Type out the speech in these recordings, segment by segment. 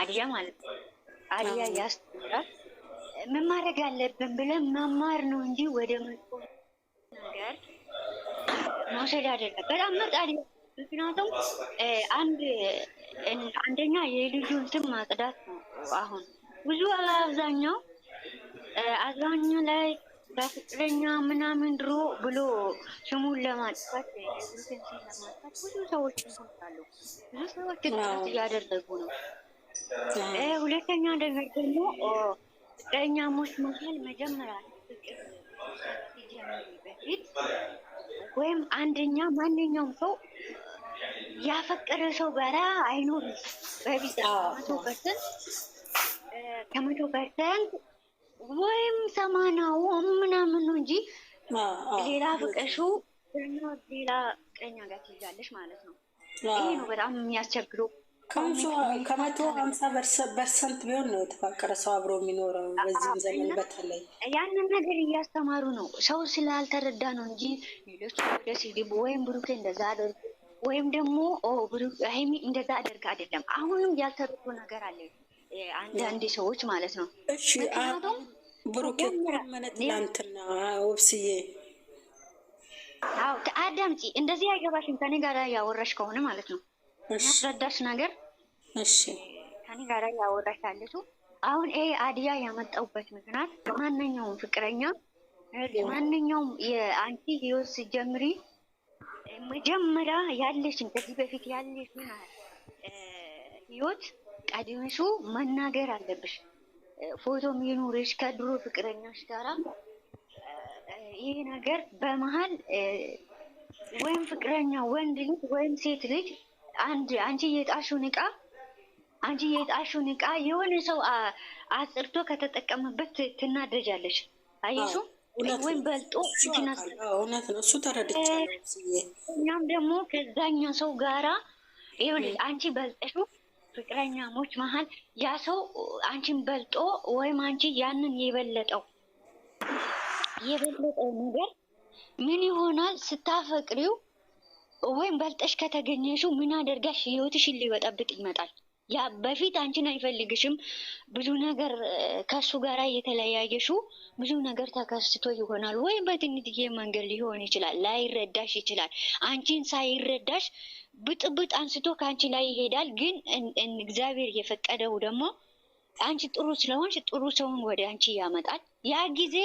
አድያ ማለት አድያ ያስተምራል። ምን ማድረግ አለብን ብለን መማር ነው እንጂ ወደ መጥፎ ነገር መውሰድ አይደለም። በጣም መጣ ምክንያቱም አንድ አንደኛ የልጁ እንትን ማጽዳት ነው። አሁን ብዙ አብዛኛው አብዛኛው ላይ በፍቅረኛ ምናምን ድሮ ብሎ ስሙን ለማጥፋት ለማጥፋት ብዙ ሰዎች ብዙ ሰዎች እያደረጉ ነው። ሁለተኛ ነገር ደግሞ ፍቅረኛሞች መሀል መጀመሪያ በፊት ወይም አንደኛ ማንኛውም ሰው ያፈቀረ ሰው አይኖርም። ፐርሰንት ከመቶ ፐርሰንት ወይም ሰማናው ምናምን ነው እንጂ ሌላ ሌላ ቀኛ ጋር ትይዛለች ማለት ነው። ይሄ ነው በጣም የሚያስቸግረው። ከመቶ ሀምሳ ፐርሰንት ቢሆን ነው የተፋቀረ ሰው አብሮ የሚኖረው በዚህም ዘመን በተለይ ያንን ነገር እያስተማሩ ነው። ሰው ስላልተረዳ ነው እንጂ ሌሎች ወደ ሲዲቡ ወይም ብሩኬ እንደዛ አደርግ ወይም ደግሞ ሀይሚ እንደዛ አደርግ አይደለም። አሁንም ያልተረዱ ነገር አለ አንዳንድ ሰዎች ማለት ነው። ምክንያቱም ብሩኬ ትናንትና ወብስዬ አዳምጪ፣ እንደዚህ አይገባሽም ከኔ ጋር ያወራሽ ከሆነ ማለት ነው ያስረዳሽ ነገር እሺ ከኔ ጋር ያወራች አለችው። አሁን ይሄ አድያ ያመጣውበት ምክንያት ማንኛውም ፍቅረኛ ማንኛውም የአንቺ ህይወት ስትጀምሪ መጀመሪያ ያለሽን ከዚህ በፊት ያለሽን ህይወት ቀድመሹ መናገር አለብሽ። ፎቶም ይኑርሽ ከድሮ ፍቅረኛሽ ጋራ ይሄ ነገር በመሀል ወይም ፍቅረኛ ወንድ ልጅ ወይም ሴት ልጅ አንድ አንቺ የጣሹን እቃ አንቺ የጣሽውን እቃ የሆነ ሰው አጽርቶ ከተጠቀመበት ትናደጃለች። አይሱ ወይም በልጦ እውነት ነው እሱ ተረድቻለሁ። እኛም ደግሞ ከዛኛ ሰው ጋራ ይኸውልሽ አንቺ በልጠሹ ፍቅረኛሞች መሀል ያ ሰው አንቺን በልጦ ወይም አንቺ ያንን የበለጠው የበለጠው ነገር ምን ይሆናል ስታፈቅሪው ወይም በልጠሽ ከተገኘሽው ምን አደርጋሽ ህይወትሽን ሊበጠብጥ ይመጣል። ያ በፊት አንቺን አይፈልግሽም። ብዙ ነገር ከሱ ጋር እየተለያየሹ ብዙ ነገር ተከስቶ ይሆናል ወይም በትንትዬ መንገድ ሊሆን ይችላል። ላይረዳሽ ይችላል። አንቺን ሳይረዳሽ ብጥብጥ አንስቶ ከአንቺ ላይ ይሄዳል። ግን እግዚአብሔር የፈቀደው ደግሞ አንቺ ጥሩ ስለሆንሽ ጥሩ ሰውን ወደ አንቺ ያመጣል። ያ ጊዜ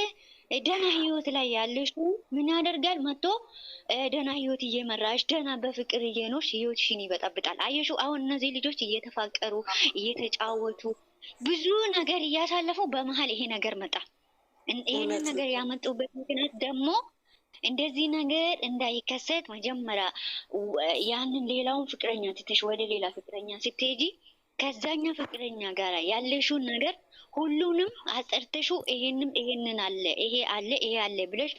ደህና ህይወት ላይ ያለሽ ምን ያደርጋል መጥቶ ደህና ህይወት እየመራሽ ደህና በፍቅር እየኖርሽ ህይወትሽን ይበጣብጣል። አየሹ አሁን እነዚህ ልጆች እየተፋቀሩ እየተጫወቱ ብዙ ነገር እያሳለፉ በመሀል ይሄ ነገር መጣ። ይህንን ነገር ያመጡበት ምክንያት ደግሞ እንደዚህ ነገር እንዳይከሰት መጀመሪያ ያንን ሌላውን ፍቅረኛ ትተሽ ወደ ሌላ ፍቅረኛ ስትሄጂ ከዛኛ ፍቅረኛ ጋር ያለሽውን ነገር ሁሉንም አጠርተሹ ይሄንም ይሄንን አለ ይሄ አለ ይሄ አለ ብለሽ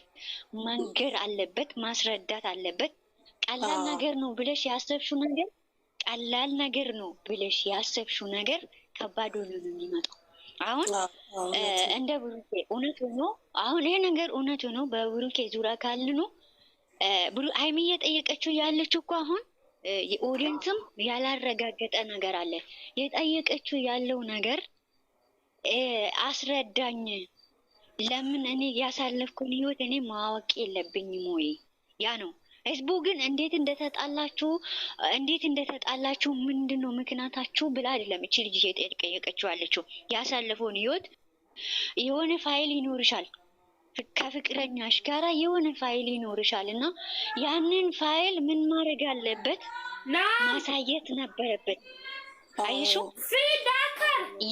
መንገር አለበት፣ ማስረዳት አለበት። ቀላል ነገር ነው ብለሽ ያሰብሹ ነገር ቀላል ነገር ነው ብለሽ ያሰብሹ ነገር ከባድ ሆኖ ነው የሚመጣው። አሁን እንደ ብሩኬ እውነት ሆኖ አሁን ይሄ ነገር እውነት ሆኖ በብሩኬ ዙሪያ ካልኑ ብሩ አይሚ እየጠየቀችው ያለችው እኮ አሁን የኦዲየንስም ያላረጋገጠ ነገር አለ። የጠየቀችው ያለው ነገር አስረዳኝ፣ ለምን እኔ ያሳለፍኩን ህይወት እኔ ማወቅ የለብኝም ወይ? ያ ነው። ህዝቡ ግን እንዴት እንደተጣላችሁ እንዴት እንደተጣላችሁ ምንድን ነው ምክንያታችሁ ብላ አይደለም እቺ ልጅ የጠየቀችው ያለችው ያሳለፈውን ህይወት የሆነ ፋይል ይኖርሻል ከፍቅረኛሽ ጋራ የሆነ ፋይል ይኖርሻል እና ያንን ፋይል ምን ማድረግ አለበት? ማሳየት ነበረበት። አይሹ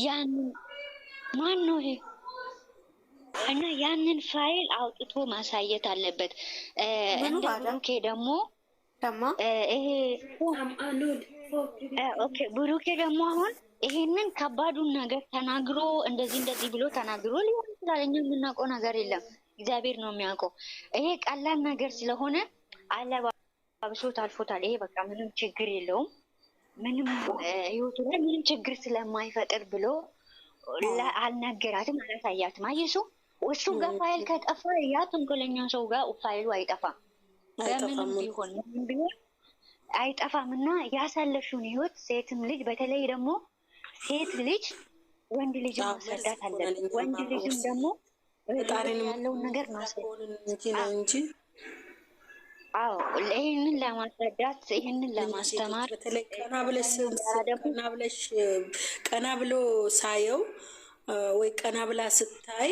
ያንን ማን ነው ይሄ? እና ያንን ፋይል አውጥቶ ማሳየት አለበት። እንደ ብሩኬ ደግሞ ይሄ ብሩኬ ደግሞ አሁን ይሄንን ከባዱን ነገር ተናግሮ እንደዚህ እንደዚህ ብሎ ተናግሮ ሊሆን እኛ የምናውቀው ነገር የለም፣ እግዚአብሔር ነው የሚያውቀው። ይሄ ቀላል ነገር ስለሆነ አለባብሶት አልፎታል። ይሄ በቃ ምንም ችግር የለውም፣ ምንም ህይወቱ ላይ ምንም ችግር ስለማይፈጥር ብሎ አልነገራትም፣ አላሳያትም። አይሱ እሱ ጋር ፋይል ከጠፋ ያ ትንኮለኛ ሰው ጋር ፋይሉ አይጠፋም፣ በምንም ቢሆን ምንም ቢሆን አይጠፋም። እና ያሳለፍሽውን ህይወት ሴትም ልጅ በተለይ ደግሞ ሴት ልጅ ወንድ ልጅ ማስረዳት አለብን። ወንድ ልጅም ደግሞ ያለውን ነገር እንጂ አዎ፣ ይህንን ለማስረዳት ይህንን ለማስተማር በተለይ ቀና ብለሽ ቀና ብለሽ ቀና ብሎ ሳየው ወይ ቀና ብላ ስታይ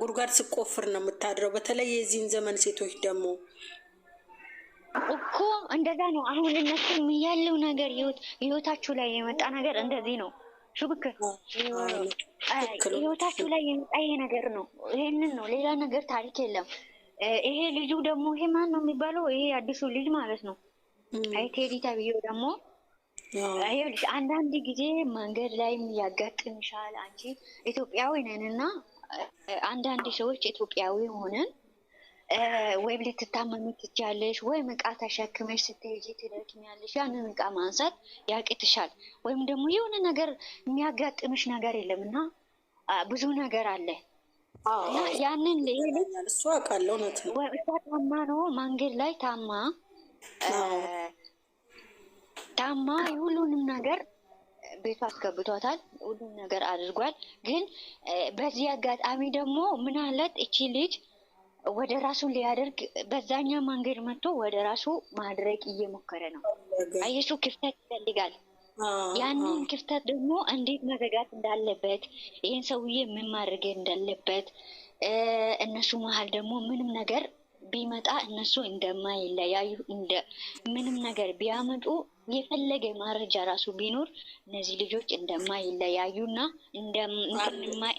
ጉድጓድ ስቆፍር ነው የምታድረው። በተለይ የዚህን ዘመን ሴቶች ደግሞ እኮ እንደዛ ነው። አሁን እነሱ ያለው ነገር ህይወታችሁ ላይ የመጣ ነገር እንደዚህ ነው። ሽብክር ህይወታችሁ ላይ የመጣ ይሄ ነገር ነው። ይሄንን ነው፣ ሌላ ነገር ታሪክ የለም። ይሄ ልጁ ደግሞ ይሄ ማን ነው የሚባለው? ይሄ አዲሱ ልጅ ማለት ነው። አይ ቴዲ ተብዬው ደግሞ ይኸውልሽ፣ አንዳንድ ጊዜ መንገድ ላይም ያጋጥምሻል። አንቺ ኢትዮጵያዊ ነን እና አንዳንድ ሰዎች ኢትዮጵያዊ ሆነን ወይም ልትታመሚ ትችያለሽ፣ ወይም እቃ ተሸክመሽ ስትሄጂ ትደክሚያለሽ። ያንን እቃ ማንሳት ያቅትሻል፣ ወይም ደግሞ የሆነ ነገር የሚያጋጥምሽ ነገር የለም እና ብዙ ነገር አለ እና ያንን እሱ አውቃለሁ። እሷ ታማ ነው መንገድ ላይ ታማ ታማ ሁሉንም ነገር ቤቷ አስገብቷታል። ሁሉም ነገር አድርጓል። ግን በዚህ አጋጣሚ ደግሞ ምናለት እቺ ልጅ ወደ ራሱ ሊያደርግ በዛኛ መንገድ መጥቶ ወደ ራሱ ማድረግ እየሞከረ ነው። አየሱ ክፍተት ይፈልጋል። ያንን ክፍተት ደግሞ እንዴት መዘጋት እንዳለበት ይህን ሰውዬ ምን ማድረግ እንዳለበት እነሱ መሀል ደግሞ ምንም ነገር ቢመጣ እነሱ እንደማይለያዩ ምንም ነገር ቢያመጡ የፈለገ ማረጃ ራሱ ቢኖር እነዚህ ልጆች እንደማይለያዩና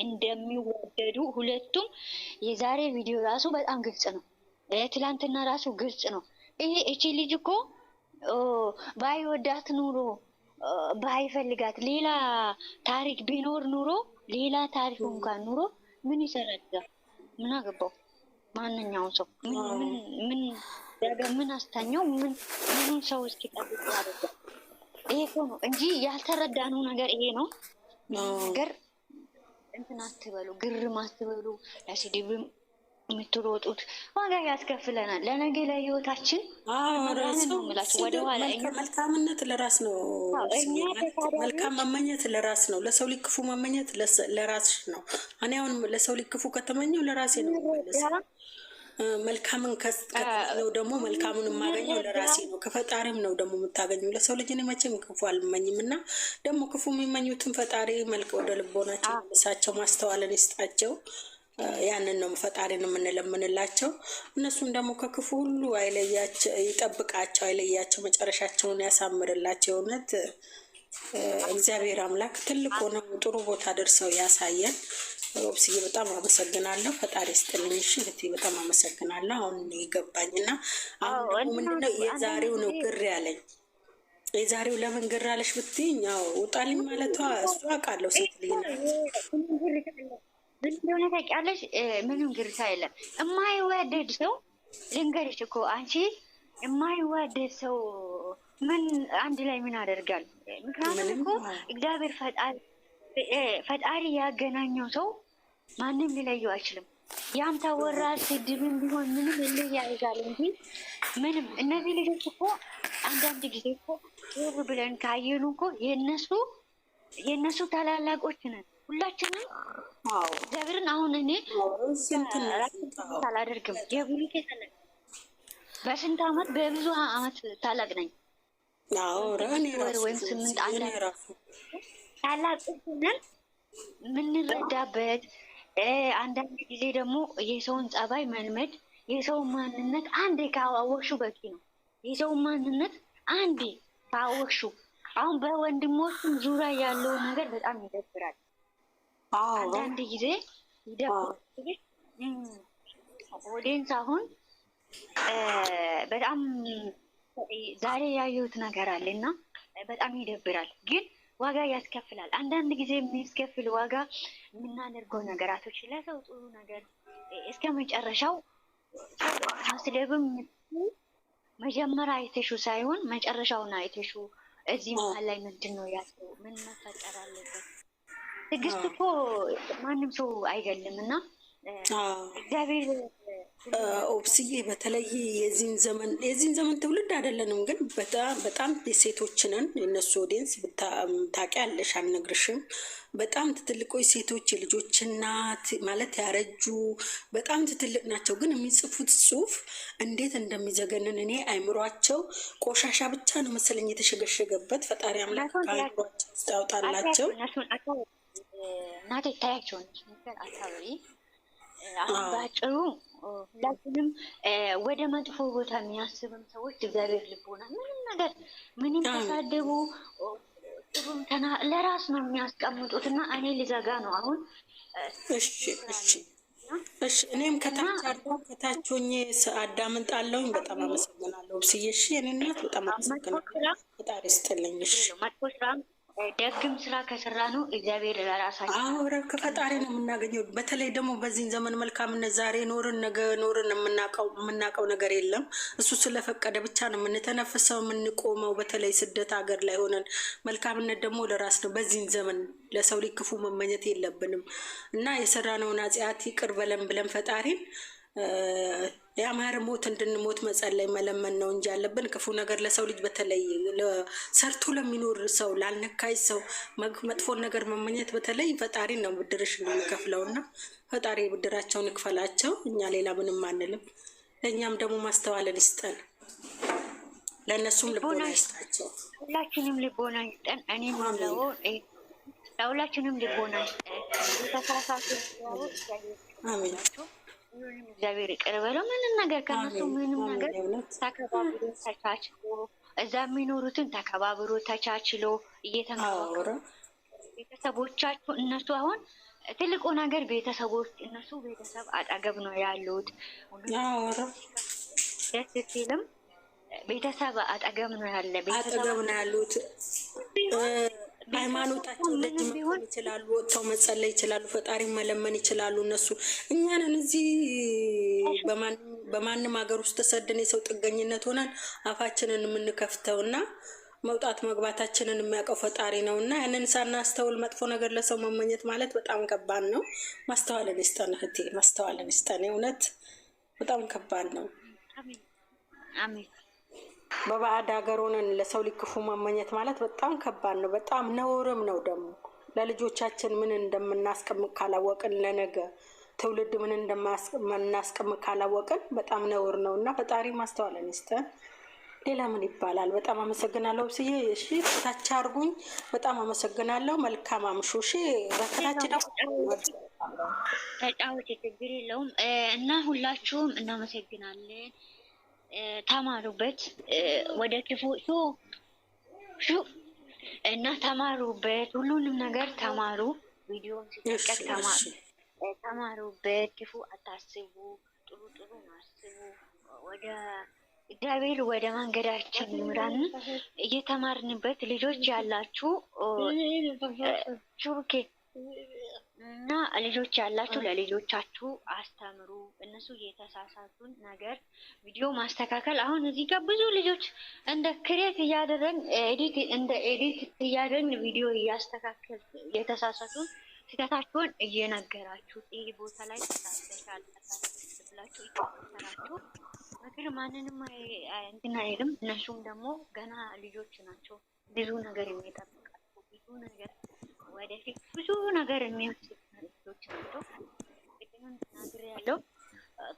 እንደሚወደዱ ሁለቱም የዛሬ ቪዲዮ ራሱ በጣም ግልጽ ነው። ትላንትና ራሱ ግልጽ ነው። ይሄ እቺ ልጅ እኮ ባይወዳት ኑሮ ባይፈልጋት ሌላ ታሪክ ቢኖር ኑሮ ሌላ ታሪክ እንኳን ኑሮ ምን ይሰራል? ምን አገባው? ማንኛውም ሰው ምን ምን አስታኘው? ምን ምኑን ሰው እስኪጠብቅ ያደገ ይሄ እኮ ነው እንጂ ያልተረዳነው ነገር ይሄ ነው ነገር እንትን አትበሉ፣ ግርም አትበሉ። ለስድብም የምትሮጡት ዋጋ ያስከፍለናል። ለነገ ለህይወታችን መልካምነት ለራስ ነው። መልካም መመኘት ለራስ ነው። ለሰው ልጅ ክፉ መመኘት ለራስሽ ነው። እኔ አሁን ለሰው ልጅ ክፉ ከተመኘው ለራሴ ነው። መልካምን ከለው ደግሞ መልካምን የማገኘው ለራሴ ነው፣ ከፈጣሪም ነው ደግሞ የምታገኘው። ለሰው ልጅ እኔ መቼም ክፉ አልመኝም እና ደግሞ ክፉ የሚመኙትን ፈጣሪ መልክ ወደ ልቦናቸው መልሳቸው፣ ማስተዋልን ይስጣቸው። ያንን ነው ፈጣሪን የምንለምንላቸው። እነሱም ደግሞ ከክፉ ሁሉ አይለያቸው፣ ይጠብቃቸው፣ አይለያቸው፣ መጨረሻቸውን ያሳምርላቸው። እውነት እግዚአብሔር አምላክ ትልቅ ሆነው ጥሩ ቦታ ደርሰው ያሳየን። ሮብስዬ በጣም አመሰግናለሁ። ፈጣሪ ስጥልኝ። እሺ እህቴ በጣም አመሰግናለሁ። አሁን የገባኝና አሁን ምንድነው የዛሬው ነው ግር ያለኝ የዛሬው ለምን ግር አለሽ ብትይኝ፣ ያው ውጣልኝ ማለቷ እሱ አውቃለሁ። ሴት ልጅ እንደሆነ ታውቂያለሽ። ምንም ግርታ የለም። የማይዋደድ ሰው ልንገርሽ እኮ አንቺ የማይዋደድ ሰው ምን አንድ ላይ ምን አደርጋል? ምክንያቱም እኮ እግዚአብሔር ፈጣሪ ፈጣሪ ያገናኘው ሰው ማንም ሊለየው አይችልም። ያም ታወራ ስድብም ቢሆን ምንም እልህ ያይዛል እንጂ ምንም እነዚህ ልጆች እኮ አንዳንድ ጊዜ እኮ ር ብለን ካየኑ እኮ የነሱ የእነሱ ታላላቆች ነን ሁላችንም። እግዚአብሔርን አሁን እኔ አላደርግም የቡሪኬ ታላቅ በስንት አመት በብዙ አመት ታላቅ ነኝ ወር ወይም ስምንት አንድ ታላቅ ነን የምንረዳበት አንዳንድ ጊዜ ደግሞ የሰውን ጸባይ መልመድ የሰውን ማንነት አንዴ ካወቅሹ በቂ ነው። የሰውን ማንነት አንዴ ካወቅሹ አሁን በወንድሞቹም ዙሪያ ያለውን ነገር በጣም ይደብራል። አንዳንድ ጊዜ ይደብራል። ኦዲየንስ አሁን በጣም ዛሬ ያየሁት ነገር አለ እና በጣም ይደብራል ግን ዋጋ ያስከፍላል። አንዳንድ ጊዜ የሚያስከፍል ዋጋ የምናደርገው ነገራቶች ለሰው ጥሩ ነገር እስከ መጨረሻው መስደብም መጀመሪያ አይተሹ ሳይሆን መጨረሻውን አይተሹ እዚህ መሀል ላይ ምንድን ነው ያለው? ምን መፈጠር አለበት? ትዕግስት እኮ ማንም ሰው አይገልም እና እግዚአብሔር ኦብስዬ በተለይ የዚህን ዘመን የዚህን ዘመን ትውልድ አይደለንም፣ ግን በጣም ሴቶች የነሱ የእነሱ ኦዲየንስ ታውቂያለሽ፣ አልነግርሽም። በጣም ትትልቆ ሴቶች፣ የልጆች እናት ማለት ያረጁ በጣም ትትልቅ ናቸው። ግን የሚጽፉት ጽሁፍ እንዴት እንደሚዘገንን እኔ አይምሯቸው ቆሻሻ ብቻ ነው መሰለኝ የተሸገሸገበት። ፈጣሪ አምላክ ከአይምሯቸው ስታውጣላቸው ያውጣላቸው። እናቶች ታያቸው አካባቢ አሁን በአጭሩ ሁላችንም ወደ መጥፎ ቦታ የሚያስብም ሰዎች እግዚአብሔር ልቦና ምንም ነገር ምንም ተሳደቡ ጥሩም ተና ለራስ ነው የሚያስቀምጡት። እና እኔ ልዘጋ ነው አሁን። እሺ እሺ እሺ። እኔም ከታች አዳ ከታች ሆኜ አዳምጣለሁኝ። በጣም አመሰግናለሁ ብስዬ። እሺ እኔ እናት በጣም አመሰግናለሁ። ፈጣሪ ስጥልኝ። እሺ መጥፎ ስራ ደግም ስራ ከሰራ ነው እግዚአብሔር ለራሳቸው ረብ ከፈጣሪ ነው የምናገኘው። በተለይ ደግሞ በዚህን ዘመን መልካምነት ዛሬ ኖርን ነገ ኖርን የምናውቀው ነገር የለም። እሱ ስለፈቀደ ብቻ ነው የምንተነፍሰው የምንቆመው። በተለይ ስደት ሀገር ላይ ሆነን መልካምነት ደግሞ ለራስ ነው። በዚህን ዘመን ለሰው ሊክፉ መመኘት የለብንም እና የሰራነውን ኃጢአት ይቅር በለን ብለን ፈጣሪን የአማር ሞት እንድንሞት መጸለይ መለመን ነው እንጂ ያለብን ክፉ ነገር ለሰው ልጅ በተለይ ሰርቶ ለሚኖር ሰው ላልነካይ ሰው መጥፎን ነገር መመኘት በተለይ ፈጣሪ ነው ብድርሽ የሚከፍለው እና ፈጣሪ ብድራቸውን ይክፈላቸው። እኛ ሌላ ምንም አንልም። ለእኛም ደግሞ ማስተዋልን ይስጠን፣ ለእነሱም ልቦና ይስጣቸው። ሁላችንም ልቦና ይስጠን። እኔ ማለው ለሁላችንም ልቦና ይስጠን። ተሳሳቱ አሜን። ምንም እግዚአብሔር ይቅር በለው። ምንም ነገር ከነሱ ምንም ነገር ተከባብሮ ተቻችሎ እዛ የሚኖሩትን ተከባብሮ ተቻችሎ እየተኖሩ ቤተሰቦቻቸው እነሱ አሁን ትልቁ ነገር ቤተሰቦች እነሱ ቤተሰብ አጠገብ ነው ያሉት። ደስ ሲልም ቤተሰብ አጠገብ ነው ያለ ቤተሰብ ነው ያሉት ሃይማኖታቸው ለጅ መሆን ይችላሉ፣ ወጥተው መጸለይ ይችላሉ፣ ፈጣሪ መለመን ይችላሉ። እነሱ እኛንን እዚህ በማንም ሀገር ውስጥ ተሰደን የሰው ጥገኝነት ሆነን አፋችንን የምንከፍተው እና መውጣት መግባታችንን የሚያውቀው ፈጣሪ ነው እና ያንን ሳናስተውል መጥፎ ነገር ለሰው መመኘት ማለት በጣም ከባድ ነው። ማስተዋልን ይስጠን እህቴ፣ ማስተዋልን ይስጠን። እውነት በጣም ከባድ ነው። አሜን። በባዕድ ሀገር ሆነን ለሰው ሊክፉ መመኘት ማለት በጣም ከባድ ነው። በጣም ነውርም ነው ደግሞ ለልጆቻችን ምን እንደምናስቀምጥ ካላወቅን ለነገ ትውልድ ምን እንደምናስቀምጥ ካላወቅን በጣም ነውር ነው እና ፈጣሪ ማስተዋልን ይስጠን። ሌላ ምን ይባላል? በጣም አመሰግናለሁ ብስዬ። እሺ ታች አርጉኝ በጣም አመሰግናለሁ። መልካም አምሹ። እሺ በከታች ተጫወት፣ ችግር የለውም እና ሁላችሁም እናመሰግናለን። ተማሩበት፣ ወደ ክፉ እና ተማሩበት። ሁሉንም ነገር ተማሩ። ቪዲዮን ሲጠቀቅ ተማሩ፣ ተማሩበት። ክፉ አታስቡ፣ ጥሩ ጥሩ አስቡ። ወደ እግዚአብሔር ወደ መንገዳችን ይምራን። እየተማርንበት ልጆች ያላችሁ ሹርኬ እና ልጆች ያላችሁ ለልጆቻችሁ አስተምሩ። እነሱ የተሳሳቱን ነገር ቪዲዮ ማስተካከል። አሁን እዚህ ጋር ብዙ ልጆች እንደ ክሬት እያደረግን ኤዲት እንደ ኤዲት እያደረግን ቪዲዮ እያስተካከል የተሳሳቱን ስህተታችሁን እየነገራችሁ ይህ ቦታ ላይ ተሳስተሻል ብላችሁ እየተሰራችሁ ምክር ማንንም እንትን አይልም። እነሱም ደግሞ ገና ልጆች ናቸው። ብዙ ነገር የሚጠብቃቸው ብዙ ነገር ወደፊት ብዙ ነገር የሚወስዶች ልጆች ናቸው። ቅድምም ያለው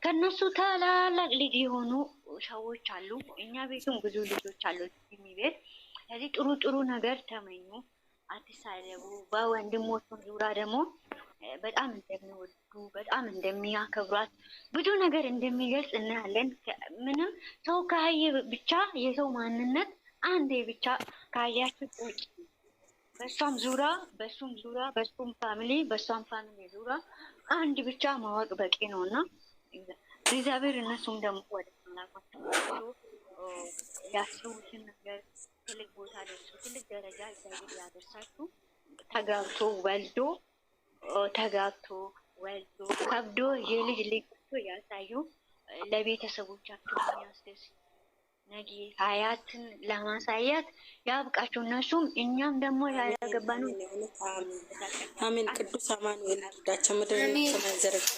ከእነሱ ታላላቅ ልጅ የሆኑ ሰዎች አሉ። እኛ ቤቱም ብዙ ልጆች አሉ የሚቤት ስለዚህ ጥሩ ጥሩ ነገር ተመኙ፣ አትሳለቡ። በወንድሞቹ ዙራ ደግሞ በጣም እንደሚወዱ በጣም እንደሚያከብሯት ብዙ ነገር እንደሚገልጽ እናያለን። ምንም ሰው ካየ ብቻ የሰው ማንነት አንዴ ብቻ ካያችሁ ቁጭ በእሷም ዙራ በእሱም ዙራ በእሱም ፋሚሊ በእሷም ፋሚሊ ዙራ አንድ ብቻ ማወቅ በቂ ነው እና እግዚአብሔር እነሱም ደግሞ ወደ አምላካቸው ያስቡትን ነገር ትልቅ ቦታ ደርሱ ትልቅ ደረጃ እግዚአብሔር ያደርሳችሁ። ተጋብቶ ወልዶ ተጋብቶ ወልዶ ከብዶ የልጅ ልጅ ያሳዩ ለቤተሰቦቻቸው የሚያስደስት ነገ ሀያትን ለማሳያት ያብቃችሁ። እነሱም እኛም ደግሞ ያገባ ነው። አሜን። ቅዱስ አማኑኤል እርዳቸው። ምድር ተመንዘረች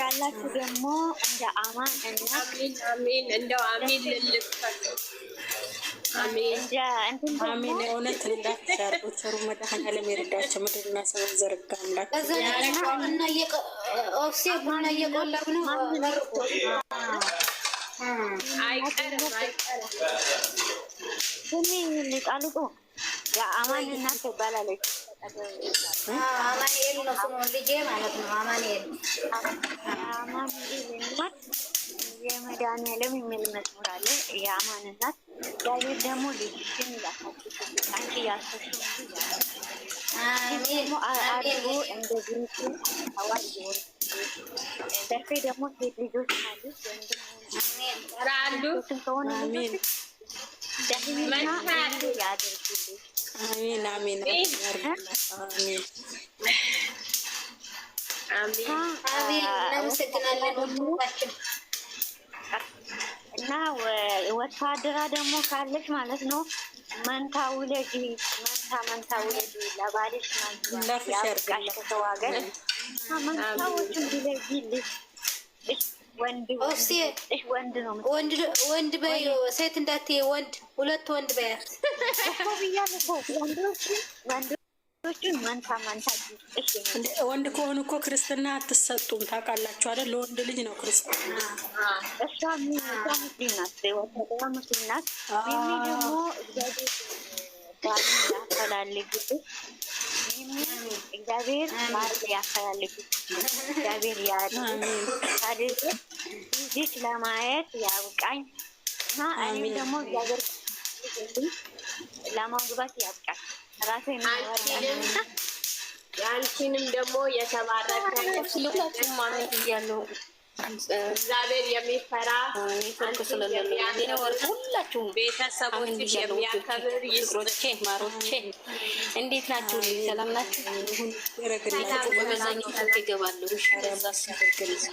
ያላችሁ ደግሞ እንደ አማን እናትአሜን እንደው አሜን ልልካቸው አሜን። የእውነት እንዳትሻር ዶክተሩ መድኃኒዓለም ይርዳቸው። ምድርና ሰማይ ዘርጋ አምላክ ኦፍሴ ቡና እየቆለብ ነው አይቀርም አይቀርም። አማን እናት ትባላለች። አማኑኤል ነው ስሙ ልጄ ማለት ነው። አማኑኤል አማኑኤል እናት የመድኃኒዓለም የሚል መዝሙር አለ። የአማን እናት ዳዊት ደግሞ ልጅሽን አንቺ አድርጎ እንደ ግሪክ አዋጅ ደግሞ ሴት ልጆች አሉ ራአሉ አሜን እና ወታደራ ደግሞ ካለች ማለት ነው። መንታ ውለጅ መንታ መንታ ውለጅ ለባልሽ ወንድ በይ ሴት እንዳትዪ። ወንድ ሁለት ወንድ በያት። ወንድ ከሆኑ እኮ ክርስትና አትሰጡም ታውቃላችሁ አይደል? ለወንድ ልጅ ነው ክርስትና። ሙስሊም ናት፣ ሙስሊም ናት። ደግሞ ያፈላልግልሽ እግዚአብሔር ማርግ ያፈላልግልሽ እግዚአብሔር ያድርግ ልጅ ለማየት ያብቃኝ እና እኔ ደግሞ እግዚአብሔር ለማግባት ያብቃኝ። ራሴ አንቺንም ደግሞ የተባረከ ሁላችሁም ማለት እግዚአብሔር የሚፈራ ሁላችሁም ቤተሰቦች የሚያከብር ይስጥሮቼ፣ ማሮቼ እንዴት ናችሁ? ሰላም ናችሁ? ይገባለሁ